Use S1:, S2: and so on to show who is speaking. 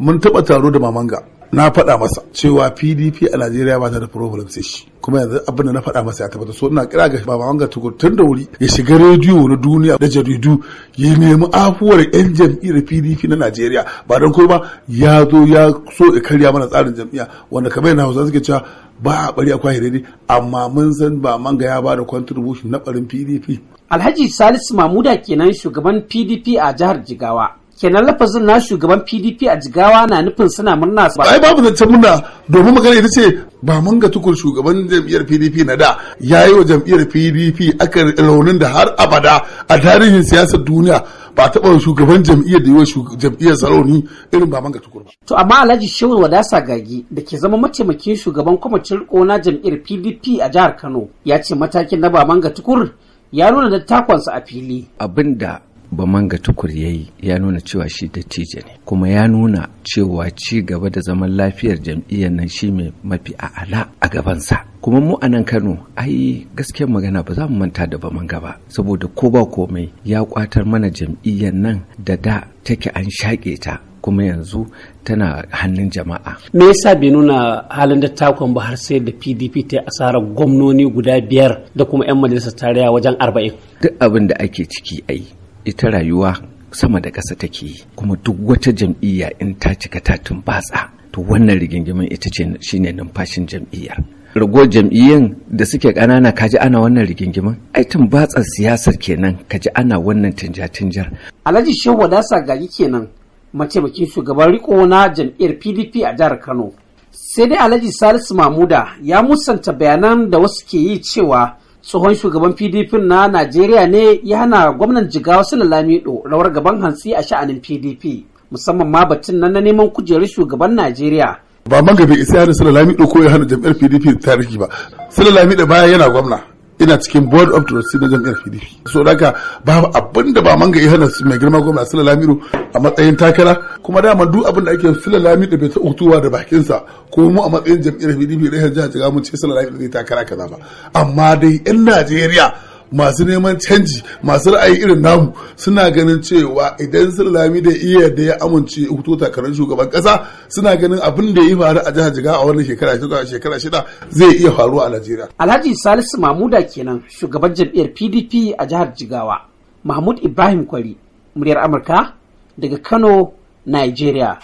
S1: mun taba taro da mamanga na faɗa masa cewa pdp a najeriya ba ta da problem sai shi kuma yanzu abin da na faɗa masa ya tabbata so ina kira ga baba wanga da wuri ya shiga rediyo na duniya da jaridu ya nemi afuwar yan jam'iyyar pdp na najeriya ba don kuma ya zo ya so ya karya mana tsarin jam'iyya wanda kamar yana hausa suke cewa ba a bari akwai daidai amma mun san ba manga ya ba da contribution na barin pdp alhaji salisu
S2: mamuda kenan shugaban pdp a jihar jigawa kenan lafazin na shugaban pdp a jigawa na nufin suna murna ba ai
S1: babu zancen murna domin magana ita ce ba mun ga tukur shugaban jam'iyyar pdp na da ya yi wa jam'iyyar pdp aka raunin da har abada a tarihin siyasar duniya ba taɓa shugaban jam'iyyar da yi wa jam'iyyar sarauni irin ba ga tukur ba.
S2: to amma alhaji shehu wadasa
S1: gagi da ke zama mataimakin shugaban kwamitin riko na jam'iyyar
S2: pdp a jihar kano ya ce matakin na ba ga tukur ya nuna da takonsa a fili
S3: abinda bamanga tukur ya yi ya nuna cewa shi dattijo ne kuma ya nuna cewa ci gaba da zaman lafiyar jam'iyyar nan shi mai mafi a'ala a gabansa kuma mu a nan kano ai gaskiyar magana ba za mu manta da bamanga ba saboda ko ba komai ya kwatar mana jam'iyyar nan da da take an shaƙe ta kuma yanzu tana hannun jama'a.
S2: Me yasa bai nuna halin dattakon ba har sai da PDP ta asarar gwamnoni guda biyar da kuma 'yan majalisar tarayya wajen arba'in. Duk abin da ake
S3: ciki ayi. ita rayuwa sama da ƙasa take yi. kuma duk wata jam'iyya in ta cika ta tumbatsa to wannan rigingimin ita ce shine numfashin jam'iyyar rago jam'iyyan da suke ƙanana ka ji ana wannan rigingimin ai tumbatsar siyasar kenan kaji ana wannan tinja-tinjar
S2: alhaji shehu wadasa gari kenan mataimakin shugaban riko na jam'iyyar pdp a jihar kano sai dai alhaji salisu mamuda ya musanta bayanan da wasu ke yi cewa tsohon shugaban pdp na najeriya ne ya hana gwamnan jigawa sula lamido rawar gaban hantsi a sha'anin pdp musamman ma batun nan na neman kujerar shugaban najeriya
S1: ba man isa ya sula lamido ko ya hana jam'iyyar pdp tarihi ba sula lamido baya yana gwamna ina cikin board of trustees na jam'iyyar pdp so daga babu abin da ba manga ya hana mai girma gwamna sula lamiru a matsayin takara kuma dama duk abin da ake sula lamiru bai taɓa hutuwa da bakinsa ko mu a matsayin jam'iyyar pdp da ya jihar jigamun ce sula lamiru zai takara kaza ba amma dai 'yan najeriya masu neman canji masu ra'ayi irin namu suna ganin cewa idan sulami da iya da ya amince hutu takarar shugaban kasa suna ganin abin da ya faru a jihar jigawa a wannan shekara shekara shida zai iya faruwa a najeriya alhaji salisu Mahmuda kenan shugaban jam'iyyar pdp a jihar jigawa
S2: mahmud ibrahim kwari muryar amurka daga kano nigeria